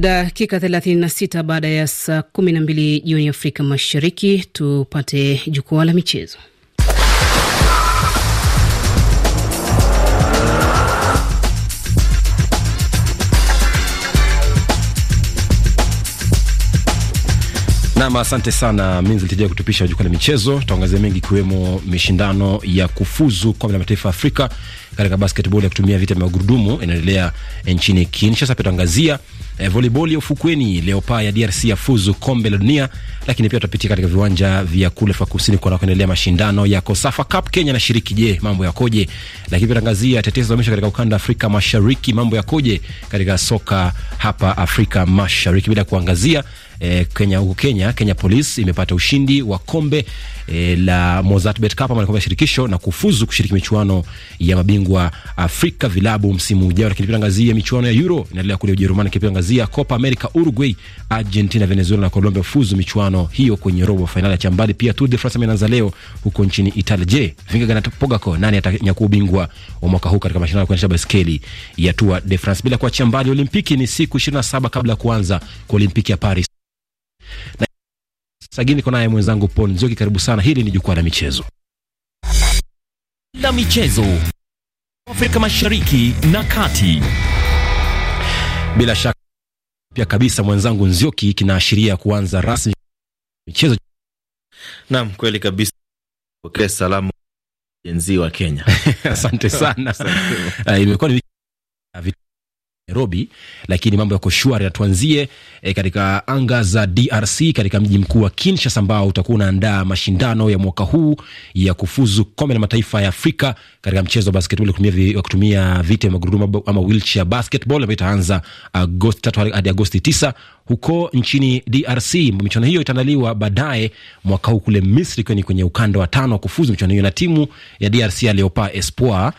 Dakika 36 baada ya saa 12 jioni Afrika Mashariki, tupate jukwaa la michezo. Nam, asante sana Minzilitejia kutupisha jukwaa la michezo. Tutaangazia mengi ikiwemo mishindano ya kufuzu kombe la mataifa ya Afrika katika basketball ya kutumia vita vya magurudumu inaendelea nchini Kinshasa. Pia tutaangazia eh, volleyball ya ufukweni Leopards ya DRC ya fuzu kombe la dunia, lakini pia tutapitia katika viwanja vya kule Afrika Kusini kuona kuendelea mashindano ya Kosafa Cup. Kenya na shiriki, je, mambo yakoje? Lakini pia tutaangazia tetesi za mwisho katika ukanda wa Afrika Mashariki, mambo yakoje katika soka hapa Afrika Mashariki, bila kuangazia eh, Kenya huko Kenya, Kenya Police imepata ushindi wa kombe eh, la Bet Cup ama kombe la shirikisho na kufuzu kushiriki michuano ya mabingwa Afrika vilabu msimu ujao. Lakini pia angazia michuano ya Euro inaendelea kule Ujerumani, pia angazia Copa America, Uruguay, Argentina, Venezuela na Colombia fuzu michuano hiyo kwenye robo fainali ya chambali. Pia Tour de France imeanza leo huko nchini Italia. Je, Vingegaard Pogacar nani atanyakua ubingwa wa mwaka huu katika mashindano ya kuendesha baiskeli ya Tour de France? Bila kuachia mbali Olimpiki, ni siku 27 kabla ya kuanza kwa Olimpiki ya Paris na sagini niko naye mwenzangu Paul Nzioki, karibu sana. Hili ni jukwaa la michezo la michezo Afrika Mashariki na Kati. Bila shaka pia kabisa mwenzangu Nzioki, kinaashiria kuanza rasmi michezo. Naam, kweli kabisa, pokea salamu jenzi wa Kenya. Asante sana. Ah, imekuwa ni Nairobi, lakini mambo yako shwari na tuanzie e, katika anga za DRC katika mji mkuu wa Kinshasa ambao utakuwa unaandaa mashindano ya mwaka huu ya kufuzu kombe la mataifa ya Afrika katika mchezo wa basketball kutumia, kutumia viti vya magurudumu ama wheelchair basketball ambayo itaanza Agosti tatu hadi Agosti tisa huko nchini DRC. Michuano hiyo itaandaliwa baadaye mwaka huu kule Misri, kwani kwenye ukanda wa tano wa kufuzu michuano hiyo, na timu ya DRC ya Leopards Espoir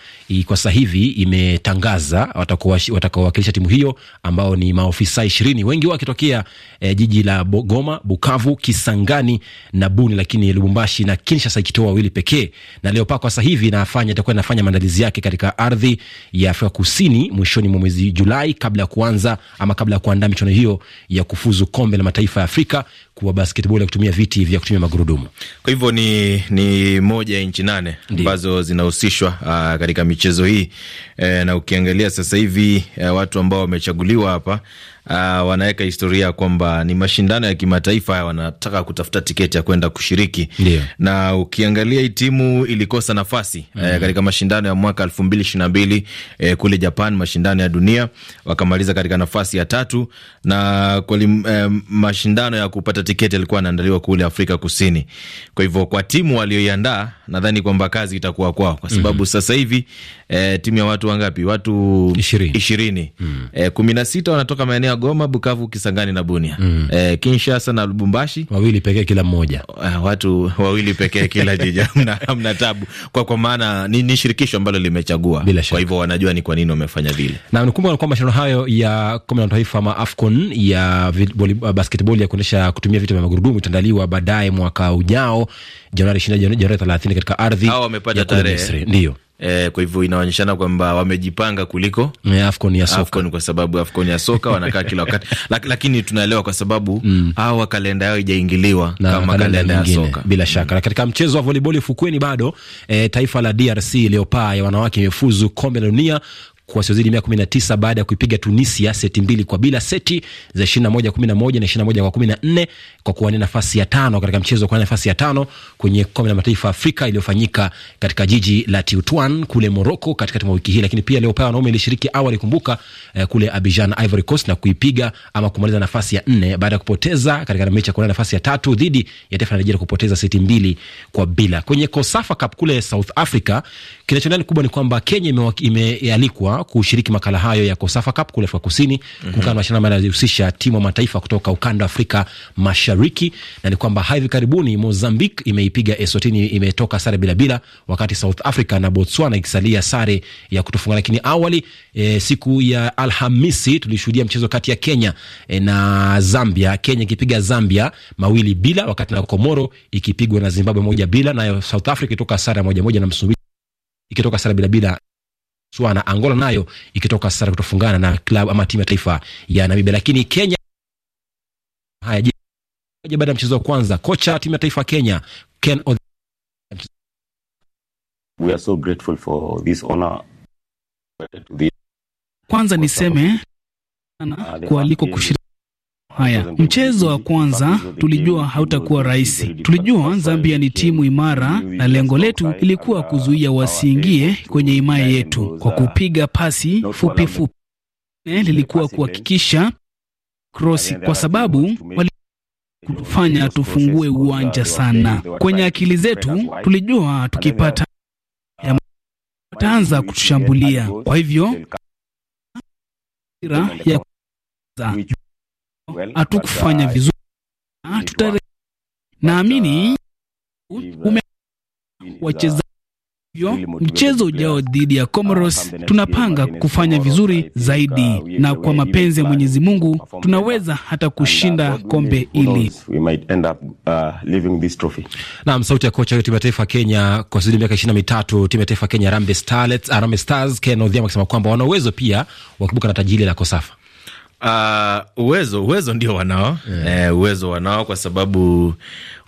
kwa sasa hivi imetangaza watakaowakilisha timu hiyo ambao ni maofisa ishirini, wengi wao wakitokea eh, jiji la Goma, Bukavu, Kisangani na Buni, lakini Lubumbashi na Kinshasa ikitoa wawili pekee. Na Leopards kwa sasa hivi inafanya itakuwa inafanya maandalizi yake katika ardhi ya Afrika Kusini mwishoni mwa mwezi Julai, kabla ya kuanza ama kabla ya kuandaa michuano hiyo ya ya kufuzu kombe la mataifa ya Afrika kuwa basketball ya kutumia viti vya kutumia magurudumu. Kwa hivyo ni, ni moja ya nchi nane ambazo zinahusishwa ah, katika michezo hii e, na ukiangalia sasa hivi e, watu ambao wamechaguliwa hapa uh, ah, wanaweka historia kwamba ni mashindano ya kimataifa haya, wanataka kutafuta tiketi ya kwenda kushiriki yeah. Na ukiangalia hii timu ilikosa nafasi mm -hmm. eh, mm-hmm. katika mashindano ya mwaka elfu mbili ishirini na mbili eh, kule Japan, mashindano ya dunia wakamaliza katika nafasi ya tatu, na kwa eh, mashindano ya kupata tiketi yalikuwa yanaandaliwa kule Afrika Kusini. Kwa hivyo kwa timu walioiandaa, nadhani kwamba kazi itakuwa kwao kwa sababu mm -hmm. sasa hivi eh, timu ya watu wangapi? Watu ishirini, ishirini. Mm -hmm. eh, kumi na sita wanatoka maeneo Goma, Bukavu, Kisangani na Bunia mm. E, Kinshasa na Lubumbashi wawili pekee kila mmoja, eh, watu wawili pekee kila jiji hamna, hamna tabu kwa, kwa maana ni, ni shirikisho ambalo limechagua, kwa hivyo wanajua ni kwa nini wamefanya vile. Na nikumbuka kwamba mashindano hayo ya kombe la mataifa ma AFCON ya uh, basketball ya kuendesha kutumia vitu vya magurudumu itandaliwa baadaye mwaka ujao Januari 20, Januari 30 katika ardhi wamepata tarehe ndio Eh, kwa hivyo inaonyeshana kwamba wamejipanga kuliko yeah, Afcon ya soka Afcon, kwa sababu Afcon ya soka wanakaa kila wakati Lak, lakini tunaelewa kwa sababu mm. kalenda yao haijaingiliwa kama kalenda ya soka bila shaka mm. Katika mchezo wa voliboli fukweni bado eh, taifa la DRC Leopard ya wanawake imefuzu kombe la dunia kwa wasiozidi mia kumi na tisa baada ya kuipiga Tunisia seti mbili kwa bila seti za ishirini na moja kumi na moja na ishirini na moja kwa kumi na nne kwa kuwania nafasi ya tano katika mchezo wa nafasi ya tano kwenye kombe la mataifa ya Afrika iliyofanyika katika jiji la Tetuan kule Moroko katikati mwa wiki hii. Lakini pia Leopard wanaume ilishiriki awali, kumbuka eh, kule Abidjan, Ivory Coast na kuipiga ama kumaliza nafasi ya nne baada ya kupoteza katika mechi ya kuwania nafasi ya tatu dhidi ya taifa la Nigeria kupoteza seti mbili kwa bila. Kwenye Kosafa Cup kule South Africa, kinachoendelea kubwa ni kwamba Kenya imealikwa Doha kushiriki makala hayo ya Kosafa Cup kule Afrika Kusini, mm -hmm. kukana mashindano ambayo timu wa mataifa kutoka ukanda wa Afrika Mashariki, na ni kwamba hivi karibuni Mozambique imeipiga Eswatini, imetoka sare bila bila, wakati South Africa na Botswana ikisalia sare ya kutofunga. Lakini awali e, siku ya Alhamisi tulishuhudia mchezo kati ya Kenya e, na Zambia, Kenya ikipiga Zambia mawili bila, wakati na Komoro ikipigwa na Zimbabwe moja bila, nayo South Africa ikitoka sare moja moja na Msumbiji ikitoka sare bila bila. Suana Angola nayo ikitoka sare kutofungana na klabu ama timu ya taifa ya Namibia. Lakini Kenya haya je, baada ya mchezo wa kwanza kocha timu ya taifa Kenya Ken Oth We are so grateful for this honor. Kwanza niseme ah, kualiko kushiriki haya. Mchezo wa kwanza tulijua hautakuwa rahisi. Tulijua Zambia ni timu imara, na lengo letu ilikuwa kuzuia wasiingie kwenye imaya yetu kwa kupiga pasi fupi fupi. Lilikuwa kuhakikisha krosi, kwa sababu wali tufungue uwanja sana. Kwenye akili zetu tulijua tukipata wataanza ah, kutushambulia, kwa hivyo ya hatukufanya uh, vizuri, ah, tutare naamini uh, ume wachezaji mchezo ujao dhidi ya ah, Comoros tunapanga kufanya vizuri zaidi, uh, na kwa mapenzi ya Mwenyezi Mungu tunaweza hata kushinda kombe hili. Nam sauti ya kocha wa timu ya taifa Kenya kwa zaidi ya miaka ishirini na mitatu timu ya taifa Kenya Harambee Stars, Ken Odhiambo akisema kwamba wana uwezo pia wakibuka na taji hili la Kosafa. Uh, uwezo uwezo ndio wanao yeah. Eh, uwezo wanao kwa sababu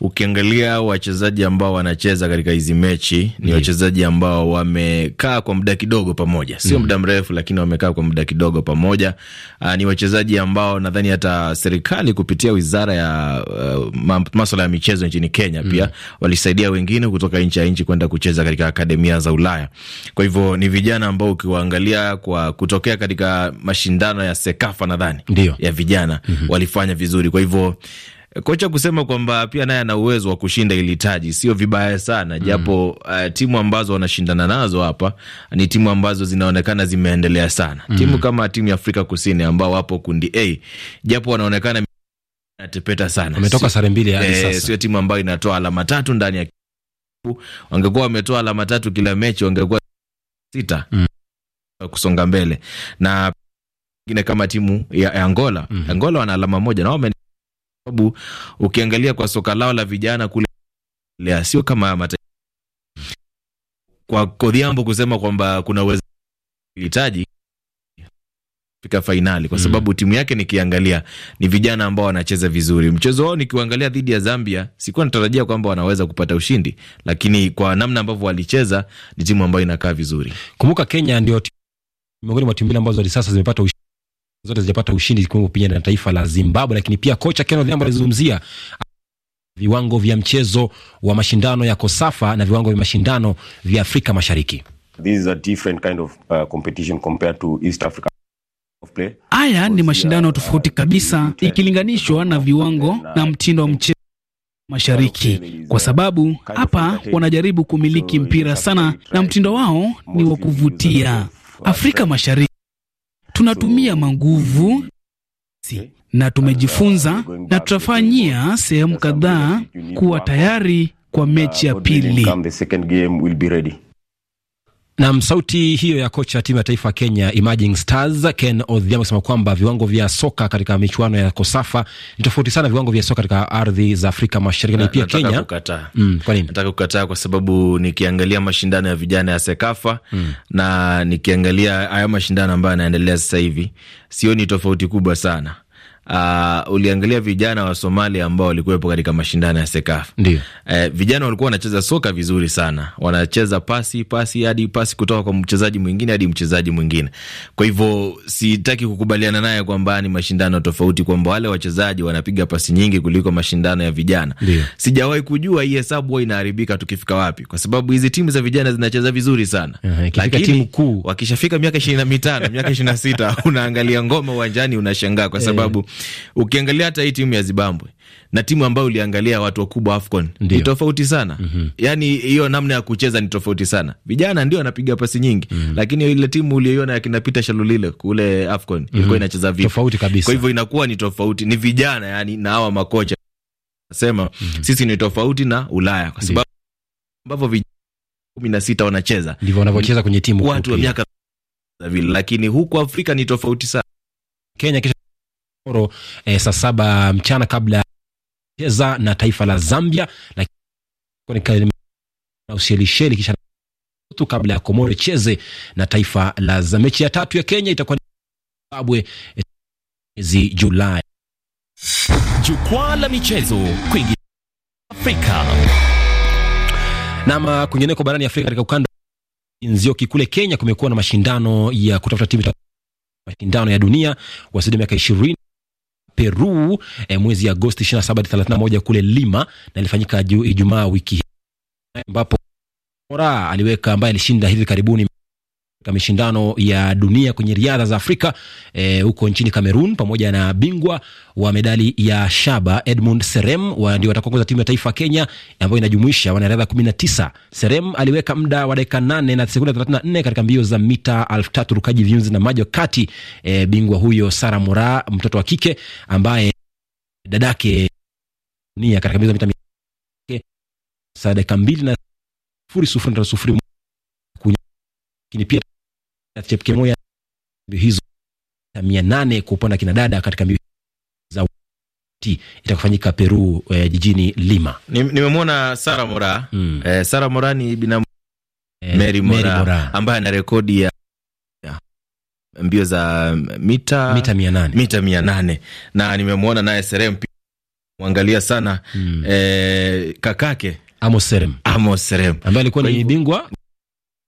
ukiangalia wachezaji ambao wanacheza katika hizi mechi ni yeah. wachezaji ambao wamekaa kwa muda kidogo pamoja, sio mm. muda mm. mrefu, lakini wamekaa kwa muda kidogo pamoja. Uh, ni wachezaji ambao nadhani hata serikali kupitia wizara ya uh, masuala ya michezo nchini Kenya mm. pia mm. walisaidia wengine kutoka nchi ya nchi kwenda kucheza katika akademia za Ulaya. Kwa hivyo ni vijana ambao ukiwaangalia kwa kutokea katika mashindano ya Sekafa na nadhani ya vijana mm -hmm. walifanya vizuri, kwa hivyo eh, kocha kusema kwamba pia naye ana uwezo wa kushinda ili taji sio vibaya sana mhm. japo, uh, timu ambazo wanashindana nazo hapa ni timu ambazo zinaonekana zimeendelea sana mm -hmm. timu kama timu ya Afrika Kusini ambao wapo kundi A japo wanaonekana tepeta sana, wametoka sare mbili hadi eh, sasa, sio timu ambayo inatoa alama tatu ndani ya wangekuwa wametoa alama tatu kila mechi wangekuwa sita mm. kusonga mbele na ingine kama timu ya Angola. Mm -hmm. Angola wana alama moja na sababu ukiangalia kwa soka lao la vijana kule sio kama mata... kwa Kodhiambo kusema kwamba kuna uwezekano fika fainali kwa mhm. sababu mm. timu yake nikiangalia ni vijana ambao wanacheza vizuri. Mchezo wao nikiangalia dhidi ya Zambia, sikuwa natarajia kwamba wanaweza kupata ushindi, lakini kwa namna ambavyo walicheza ni timu ambayo inakaa vizuri. Kumbuka Kenya ndio miongoni mwa timu mbili ambazo hadi sasa zimepata ushindi zote zijapata ushindi zikiwemo pia na taifa la Zimbabwe, lakini pia kocha Ken Odhiambo alizungumzia viwango vya mchezo wa mashindano ya Kosafa na viwango vya mashindano vya Afrika Mashariki. Uh, Haya ni mashindano uh, tofauti kabisa ikilinganishwa na viwango uh, na mtindo wa mchezo mashariki kwa sababu hapa wanajaribu kumiliki mpira sana na mtindo wao ni wa kuvutia. Afrika Mashariki tunatumia manguvu na tumejifunza na tutafanyia sehemu kadhaa kuwa tayari kwa mechi ya uh, pili. Nam, sauti hiyo ya kocha timu ya taifa Kenya Emerging Stars Ken Odhiambo kusema kwamba viwango vya soka katika michuano ya Kosafa ni tofauti sana viwango vya soka katika ardhi za Afrika Mashariki na, na pia Kenya. Kukataa. Mm, kwa nini nataka kukataa? Kwa sababu nikiangalia mashindano ya vijana ya Sekafa mm, na nikiangalia haya mashindano ambayo yanaendelea sasa hivi sioni tofauti kubwa sana uh, uliangalia vijana wa Somalia ambao walikuwepo katika mashindano ya SEKAF. Ndio. Eh, vijana walikuwa wanacheza soka vizuri sana, wanacheza pasi pasi hadi pasi kutoka kwa mchezaji mwingine hadi mchezaji mwingine. Kwa hivyo sitaki kukubaliana naye kwamba ni mashindano tofauti, kwamba wale wachezaji wanapiga pasi nyingi kuliko mashindano ya vijana. Ndio. Sijawahi kujua hii hesabu inaharibika tukifika wapi, kwa sababu hizi timu za vijana zinacheza vizuri sana, lakini timu kuu wakishafika miaka ishirini na mitano miaka ishirini na sita unaangalia ngoma uwanjani unashangaa kwa eh. sababu Ukiangalia hata hii timu ya Zimbabwe na timu ambayo uliangalia watu wakubwa AFCON ni tofauti sana. mm -hmm. Yani hiyo namna ya kucheza ni tofauti sana. Vijana ndio wanapiga pasi nyingi, mm -hmm. lakini ile timu uliyoiona yakina Peter Shalulile kule AFCON mm -hmm. ilikuwa mhm. inacheza vipi? Tofauti kabisa. Kwa hivyo inakuwa ni tofauti, ni vijana yani na hawa makocha sema mm -hmm. sisi ni tofauti na Ulaya kwa sababu ambavyo vijana kumi na sita wanacheza ndivyo wanavyocheza kwenye timu watu wa miaka vile, lakini huku Afrika ni tofauti sana. Kenya kisha Oro, eh, saa saba mchana kabla cheza na taifa la Zambia na Ushelisheli kisha tu kabla ya Komoro cheze na taifa la Zambia. Mechi ya tatu ya Kenya itakuwa Zimbabwe eh, mwezi Julai. Jukwaa la michezo kwingi Afrika nam kwingineko barani Afrika katika ukanda Nzioki kule Kenya kumekuwa na mashindano ya kutafuta timu mashindano ya dunia wasidi miaka ishirini Peru eh, mwezi Agosti 27 31 kule Lima, na ilifanyika Ijumaa wiki hii ambapo Mora aliweka ambaye alishinda hivi karibuni katika mashindano ya dunia kwenye riadha za Afrika e, huko e, nchini Cameroon, pamoja na bingwa wa medali ya shaba Edmund Serem wa ndio watakuongoza timu ya taifa Kenya ambayo inajumuisha wanariadha 19. Serem aliweka muda wa dakika 8 na sekunde 34 katika mbio za mita 3000 rukaji viunzi na majo kati. e, bingwa huyo Sara Mora, mtoto wa kike ambaye dadake katika mbio za mita dakika 2 na 0.00 lakini pia katika kipimo moja mbio hizo mia nane kwa upande wa kina dada katika mbio za itakufanyika Peru eh, jijini Lima. Nimemwona ni Sara Mora mm. Eh, Sara Mora ni binamu eh, Mary Mora, Mora ambaye ana rekodi ya mbio za mita mita mia nane mita mia nane na nimemwona naye Serem mwangalia sana mm. Eh, kakake Amos Serem Amos Serem ambaye alikuwa ni bingwa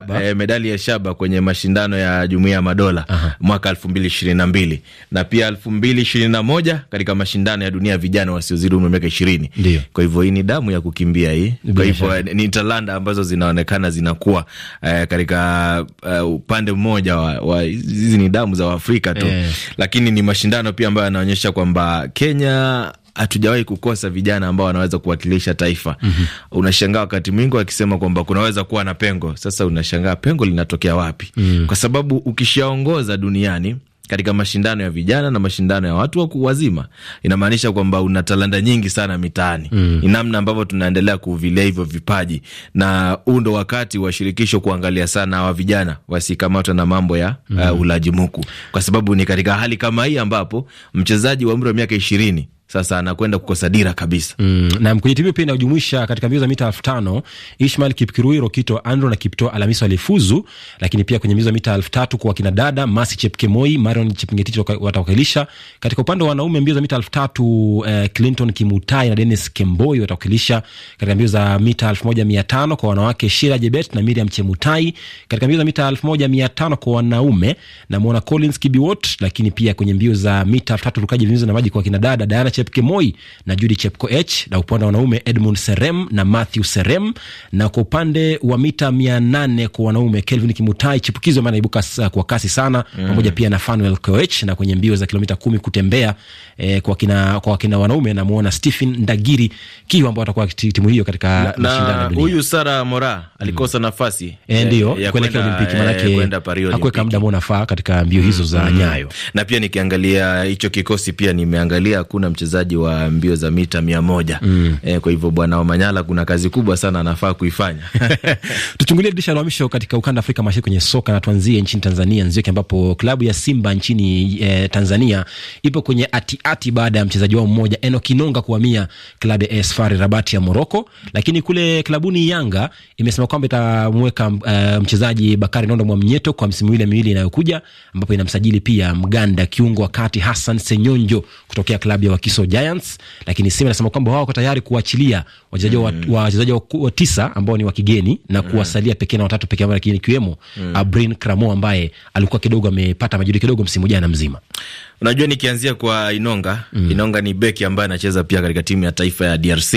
eh, medali ya shaba kwenye mashindano ya Jumuiya ya Madola Aha. mwaka elfu mbili ishirini na mbili na pia elfu mbili ishirini na moja katika mashindano ya dunia ya vijana wasiozidi umri wa miaka ishirini. Kwa hivyo hii ni damu ya kukimbia hii, kwa hivyo eh, ni talanda ambazo zinaonekana zinakuwa eh, katika uh, upande mmoja wa hizi ni damu za Waafrika tu eh. Lakini ni mashindano pia ambayo yanaonyesha kwamba Kenya hatujawahi kukosa vijana ambao wanaweza kuwakilisha taifa. mm -hmm. Unashangaa wakati mwingi wakisema kwamba kunaweza kuwa na pengo. Sasa unashangaa pengo linatokea wapi? mm -hmm. Kwa sababu ukishaongoza duniani katika mashindano ya vijana na mashindano ya watu wazima, inamaanisha kwamba una talanta nyingi sana mitaani. mm. Ni namna ambavyo tunaendelea kuvilea hivyo vipaji, na huu ndo wakati wa shirikisho kuangalia sana hawa vijana wasikamatwa na mambo ya mm. uh, ulaji muku, kwa sababu ni katika hali kama hii ambapo mchezaji wa umri wa miaka ishirini sasa anakwenda kukosa dira kabisa mm. Na kwenye timu pia inajumuisha katika mbio za mita elfu tano Ishmael Kipkirui, Rokito Andro na Kipto Alamiso alifuzu, lakini pia kwenye mbio za mita elfu tatu kwa wakina dada Masi Chepkemoi, Marion Chepngetich watawakilisha. Katika upande wa wanaume mbio za mita elfu tatu eh, Clinton Kimutai na Dennis Kemboi watawakilisha. Katika mbio za mita elfu moja mia tano kwa wanawake Shira Jebet na Miriam Chemutai. Katika mbio za mita elfu moja mia tano kwa wanaume namwona Collins Kibiwot, lakini pia kwenye mbio za mita elfu tatu rukaji viunzi na maji kwa wakina dada Diana Chepkemoi na Judy Chepkoech, na upande wa wanaume Edmund Serem na Matthew Serem, na kwa upande wa mita mia nane kwa wanaume Kelvin Kimutai chipukizo ambaye anaibuka kwa kasi sana mm. pamoja pia na Fanuel Koech, na kwenye mbio za kilomita kumi kutembea eh, kwa kina kwa kina wanaume namuona Stephen Ndagiri Kiwa ambao atakuwa timu hiyo katika mashindano ya dunia. Huyu Sara Mora alikosa mm. nafasi e, ndio kuelekea Olimpiki, maanake eh, hakuweka muda ambao unafaa katika mbio hizo za mm. nyayo. Na pia nikiangalia hicho kikosi pia nimeangalia hakuna mchezaji mchezaji wa mbio za mita mia moja mm. E, kwa hivyo bwana Omanyala kuna kazi kubwa sana anafaa kuifanya. Tuchungulie dirisha la mwisho katika ukanda Afrika Mashariki kwenye soka, na tuanzie nchini Tanzania Nzioki, ambapo klabu ya Simba nchini eh, Tanzania ipo kwenye atiati baada ya mchezaji wao mmoja Eno Kinonga kuhamia klabu ya AS FAR Rabat ya Moroko, lakini kule klabuni Yanga imesema kwamba itamweka uh, mchezaji Bakari Nondo Mwamnyeto kwa msimu ile miwili inayokuja, ambapo inamsajili pia Mganda kiungo wa kati Hassan Senyonjo kutokea klabu ya Wakiso Newcastle Giants, lakini Simba inasema kwamba wao wako tayari kuachilia wachezaji mm. wa wachezaji wa, tisa ambao ni wa kigeni na mm. kuwasalia pekee na watatu pekee ambao lakini ikiwemo mm. Abrin Kramo ambaye alikuwa kidogo amepata majuri kidogo msimu jana mzima. Unajua, nikianzia kwa Inonga mm. Inonga ni beki ambaye anacheza pia katika timu ya taifa ya DRC.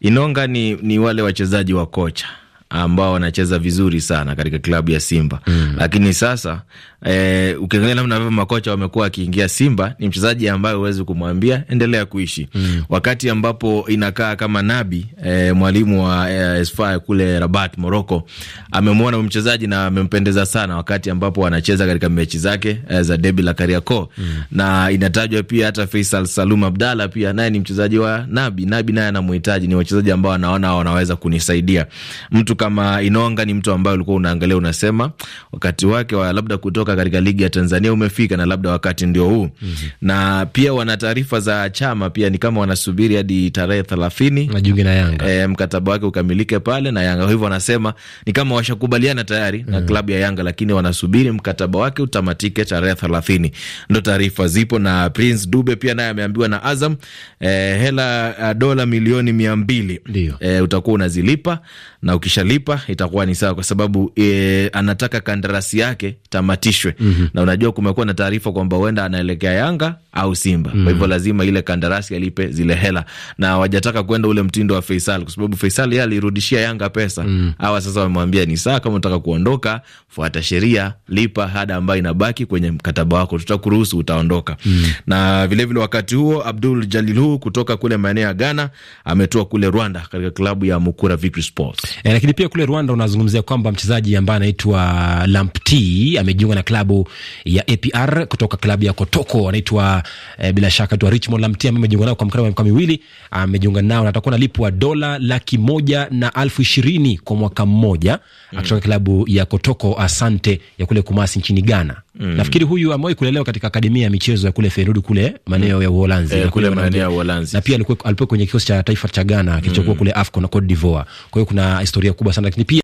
Inonga ni, ni wale wachezaji wa kocha ambao wanacheza vizuri sana katika klabu ya Simba mm. Lakini sasa e, ukiangalia namna ambavyo makocha wamekuwa akiingia Simba, ni mchezaji ambaye huwezi kumwambia endelea kuishi mm. Wakati ambapo inakaa kama Nabi e, mwalimu wa e, eh, Esfa kule Rabat Morocco, amemwona mchezaji na amempendeza sana, wakati ambapo anacheza katika mechi zake e, za debi la Kariakoo mm. Na inatajwa pia hata Faisal Salum Abdalla pia naye ni mchezaji wa Nabi. Nabi naye anamuhitaji, ni wachezaji ambao anaona wanaweza kunisaidia mtu kama Inonga ni mtu ambaye ulikuwa unaangalia unasema wakati wake wa labda kutoka katika ligi ya Tanzania umefika na labda wakati ndio huu. mm -hmm. Na pia wana taarifa za chama pia ni kama wanasubiri hadi tarehe thelathini wajiunge na Yanga, e, mkataba wake ukamilike pale na Yanga. Hivyo wanasema ni kama washakubaliana tayari mm -hmm. na mhm. klabu ya Yanga, lakini wanasubiri mkataba wake utamatike tarehe thelathini. Ndo taarifa zipo, na Prince Dube pia naye ameambiwa na Azam e, hela eh, dola milioni mia mbili e, utakuwa unazilipa na ukisha atalipa itakuwa ni sawa, kwa sababu e, anataka kandarasi yake tamatishwe. mm -hmm. Na unajua kumekuwa na taarifa kwamba huenda anaelekea Yanga au Simba. mm -hmm. Kwa hivyo mhm. lazima ile kandarasi alipe zile hela, na wajataka kwenda ule mtindo wa Faisal kwa sababu Faisal yeye alirudishia Yanga pesa. mm -hmm. Hawa sasa wamemwambia ni sawa, kama unataka kuondoka, fuata sheria, lipa hada ambayo inabaki kwenye mkataba wako, tutakuruhusu utaondoka. mm -hmm. Na vilevile vile wakati huo Abdul Jalil huu kutoka kule maeneo ya Ghana ametua kule Rwanda katika klabu ya Mukura Victory Sports. E, lakini pia kule Rwanda unazungumzia kwamba mchezaji ambaye anaitwa Lamptey amejiunga na klabu ya APR kutoka klabu ya Kotoko, anaitwa e, bila shaka tu Richmond Lamptey ambaye amejiunga nao kwa mkataba wa miaka miwili, amejiunga nao na atakuwa analipwa dola laki moja na elfu ishirini kwa mwaka mmoja, mm, kutoka klabu ya Kotoko Asante ya kule Kumasi nchini Ghana. Mm. Nafikiri huyu amewahi kulelewa katika akademia ya michezo ya kule Feyenoord kule maeneo mm. ya Uholanzi. E, kule maeneo ya Uholanzi. Na pia alikuwa alipo kwenye kikosi cha taifa cha Ghana kilichokuwa mm. kule AFCON na Cote d'Ivoire. Kwa hiyo kuna historia kubwa sana lakini pia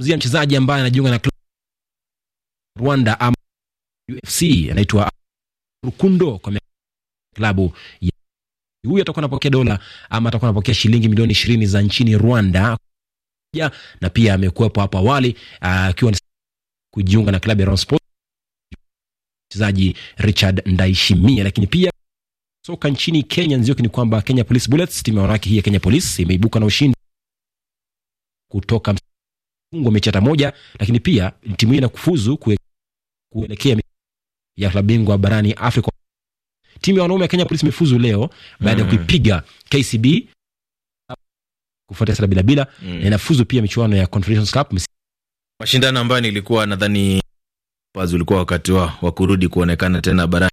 mzia mchezaji ambaye anajiunga na Rwanda am UFC anaitwa Rukundo kwa klabu ya huyu atakuwa anapokea dola ama atakuwa anapokea shilingi milioni ishirini za nchini Rwanda ya, na pia amekuwepo hapo awali ah, akiwa uh, kujiunga na klabu ya Rayon Sports mchezaji Richard Ndaishimia, lakini pia soka nchini Kenya. Nzioki ni kwamba Kenya Police Bullets, timu ya wanawake hii ya Kenya Police imeibuka na ushindi kutoka mfungwa mechi hata moja, lakini pia timu hii inakufuzu kuelekea ya klabu bingwa barani Afrika. Timu ya wanaume ya Kenya Police imefuzu leo baada ya mm. kuipiga KCB kufuatia sara bila bila, mm. na inafuzu pia michuano ya Confederations Cup, mashindano ambayo nilikuwa nadhani ulikuwa wakati wao wa kurudi kuonekana tena barani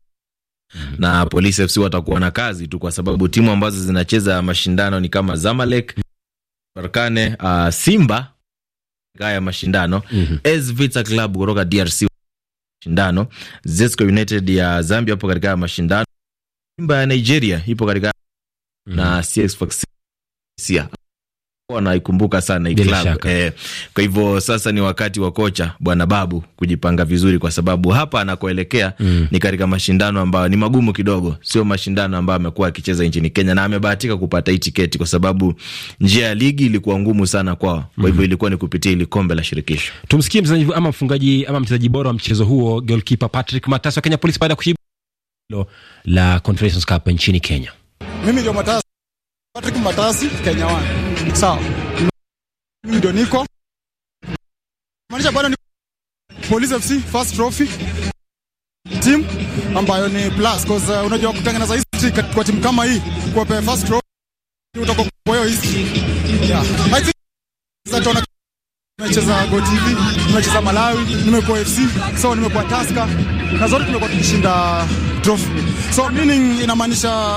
mhm. na Police FC watakuwa na kazi tu, kwa sababu timu ambazo zinacheza mashindano ni kama Zamalek, Berkane, uh, ah, Simba gaya mashindano mm -hmm. Vita Club kutoka DRC mashindano, Zesco United ya Zambia ipo katika mashindano, Simba ya Nigeria ipo katika mm -hmm. na CX wanaikumbuka sana hii klabu eh. Kwa hivyo sasa ni wakati wa kocha bwana Babu kujipanga vizuri, kwa sababu hapa anakoelekea mm, ni katika mashindano ambayo ni magumu kidogo, sio mashindano ambayo amekuwa akicheza nchini Kenya, na amebahatika kupata hii tiketi kwa sababu njia ya ligi ilikuwa ngumu sana kwao. Kwa hivyo mm. ilikuwa ni kupitia ile kombe la shirikisho. Tumsikie mchezaji ama mfungaji ama mchezaji bora wa mchezo huo, goalkeeper Patrick Matasa wa Kenya Police baada ya kushinda la Confederations Cup nchini Kenya. Mimi ndio Matasa, Patrick Matasi, Kenya 1 sawa, ndio niko maanisha bado ni Police FC first trophy team ambayo ni plus cause, uh, unajua kutengeneza history kwa timu kama hii kwa first trophy utakuwa kwa hiyo history yeah, I think nimecheza GoTV, nimecheza Malawi, nimekuwa FC, so nimekuwa Taska na zote tumekuwa tukishinda trophy. So meaning inamaanisha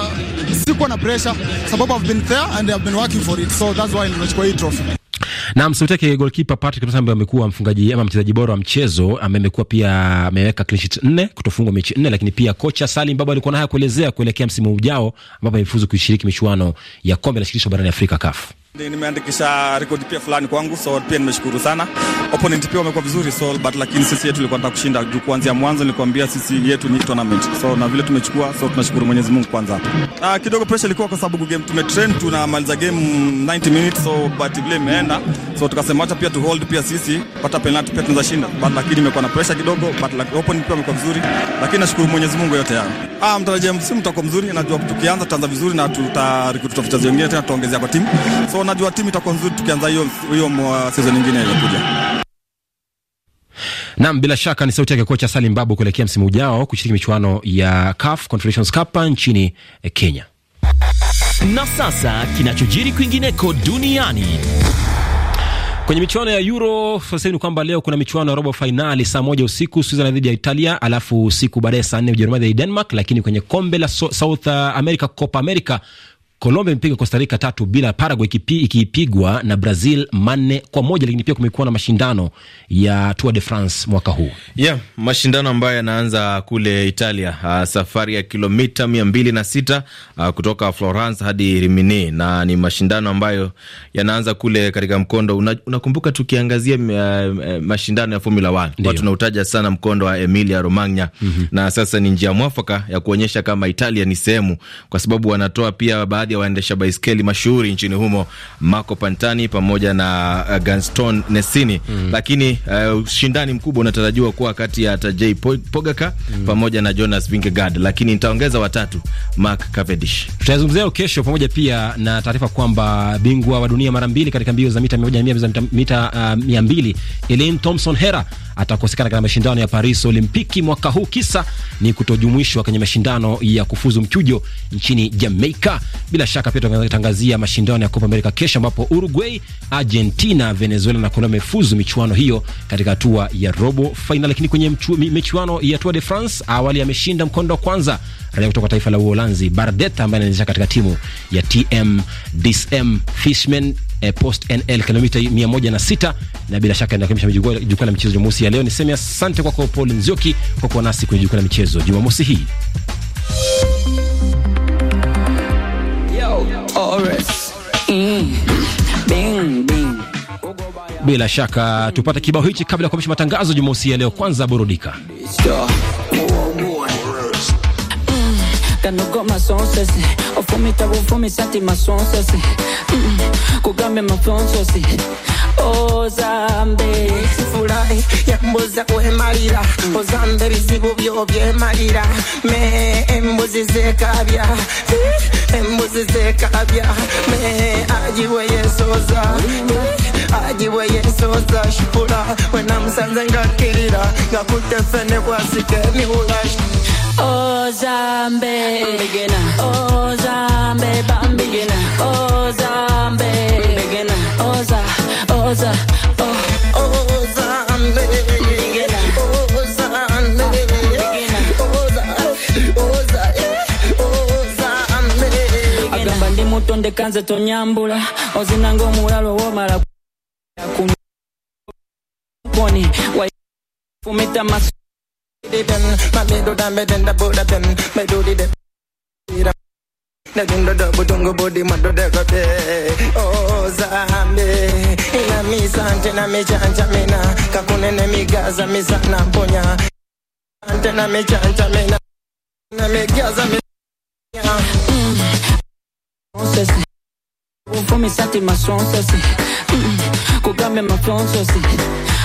sikuwa na pressure sababu I've been there and I've been working for it, so that's why nimechukua hii trophy. Na msiuteke goalkeeper Patrick Msamba ambaye amekuwa mfungaji ama mchezaji bora wa mchezo, ambaye amekuwa pia ameweka clean sheet nne kutofungwa mechi nne, lakini pia kocha Salim Baba alikuwa na haya kuelezea kuelekea msimu ujao ambapo amefuzu kushiriki michuano ya kombe la shirikisho barani Afrika CAF. Nimeandikisha rekodi pia fulani kwangu, so pia nimeshukuru sana. Opponent pia wamekuwa vizuri, so but lakini sisi yetu tulikuwa tunataka kushinda juu kuanzia mwanzo nilikwambia sisi yetu ni tournament, so na vile tumechukua, so tunashukuru Mwenyezi Mungu kwanza. Ah, kidogo pressure ilikuwa kwa sababu game tumetrain, tunamaliza game 90 minutes, so but vile imeenda, so tukasema acha pia tu hold pia sisi pata penalty pia tunaweza shinda, but lakini imekuwa na pressure kidogo, but like, opponent pia wamekuwa vizuri, lakini nashukuru Mwenyezi Mungu yote yao. Ah, mtarajia msimu utakuwa mzuri, najua tukianza tutaanza vizuri na tuta recruit tutafuta wengine tena tutaongezea kwa timu so uonaji wa timu itakuwa nzuri tukianza hiyo hiyo uh, season nyingine inayokuja. Naam, bila shaka ni sauti yake kocha Salim Babu kuelekea msimu ujao kushiriki michuano ya CAF Confederations Cup nchini eh, Kenya. Na sasa kinachojiri kwingineko duniani kwenye michuano ya Euro sasa hivi ni kwamba leo kuna michuano ya robo fainali saa moja usiku Switzerland dhidi ya Italia, alafu siku baadaye saa nne Ujerumani dhidi ya Denmark. Lakini kwenye kombe la so South uh, America, Copa America, Colombia imepiga Costa Rica tatu bila, Paraguay ikiipigwa na Brazil manne kwa moja. Lakini pia kumekuwa na mashindano ya Tour de France mwaka huu yeah, mashindano ambayo yanaanza kule Italia. Uh, safari ya kilomita mia mbili na sita uh, kutoka Florence hadi Rimini, na ni mashindano ambayo yanaanza kule katika mkondo Unakumbuka una, tukiangazia uh, uh, mashindano ya Formula 1 watu tunautaja sana mkondo wa Emilia Romagna mm -hmm. na sasa ni njia mwafaka ya kuonyesha kama Italia ni sehemu, kwa sababu wanatoa pia baadhi baadhi ya waendesha baiskeli mashuhuri nchini humo, Marco Pantani pamoja na uh, Gaston Nesini mm. Lakini uh, ushindani uh, mkubwa unatarajiwa kuwa kati ya Tadej Pogacar mm. pamoja na Jonas Vingegaard, lakini nitaongeza watatu, Mark Cavendish. Tutazungumzia kesho pamoja pia na taarifa kwamba bingwa wa dunia mara mbili katika mbio za mita 100 mita 200 uh, Elaine Thompson Hera atakosekana katika mashindano ya Paris Olimpiki mwaka huu, kisa ni kutojumuishwa kwenye mashindano ya kufuzu mchujo nchini Jamaica. Bila bila shaka pia tutangazia mashindano ya Copa America kesho, ambapo Uruguay, Argentina, Venezuela na Colombia wamefuzu michuano hiyo katika hatua ya robo final. Lakini kwenye michuano ya Tour de France, awali ameshinda mkondo wa kwanza raia kutoka taifa la Uholanzi Bardet ambaye anaendesha katika timu ya TM DSM Fishman eh, Post NL kilomita 106 na bila shaka inakamilisha jukwaa la michezo Jumamosi ya leo. Niseme asante kwako Paul Nzioki kwa kuwa nasi kwenye jukwaa la michezo Jumamosi hii. bila shaka tupate kibao hichi kabla ya kuamisha matangazo Jumamosi ya leo. Kwanza burudika ozambe sifurahi yambuza ozambe bizibu me embuzi zekabya embuzi zekabya me agiwe yesu uzashikura we namusanze ngakirira ngakutefene kwasike nihulash agamba ndi muto ndekanze tonyambula ozinanga omulalo womala me. Why for me that my then my middle damn then the border then my duty then nadundo dobu tungu budi madodekote ozahambe ina misante na michanja mina kakunene migaza misana mponya ante na michanja mina na migaza mina mm. ufumi sati masonsosi mm. kugambe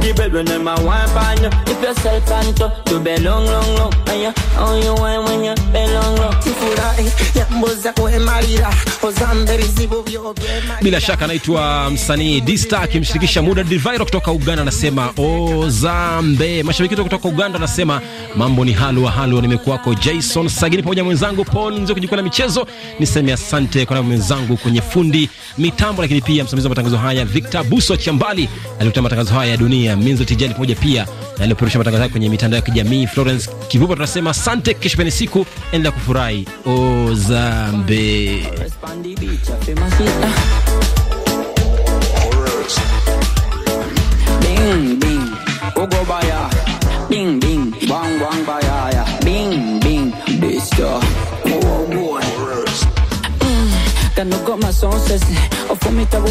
The bell when them a wine pan you If yourself and to You belong long long long. And you how you wine when you belong long Tifurahi ya mboza kwe marira Ozamberi zibu vyo Bila shaka anaitwa msanii Dista akimshirikisha muda Divairo kutoka Uganda anasema Ozambe Mashabiki kutoka Uganda anasema mambo ni halua halua nimekuwako Jason Sagini pamoja mwenzangu Paul Mzee kujikwa na michezo niseme asante kwa mwenzangu kwenye fundi mitambo lakini pia msimamizi wa matangazo haya Victor Buso Chambali alikuta matangazo haya ya dunia Tanzania Minzo Tijani pamoja pia na alioperusha matangazo yake kwenye mitandao ya kijamii Florence Kivuba. Tunasema asante, kesho peni siku, endelea kufurahi Ozambe.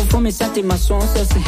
Oh, mm. sati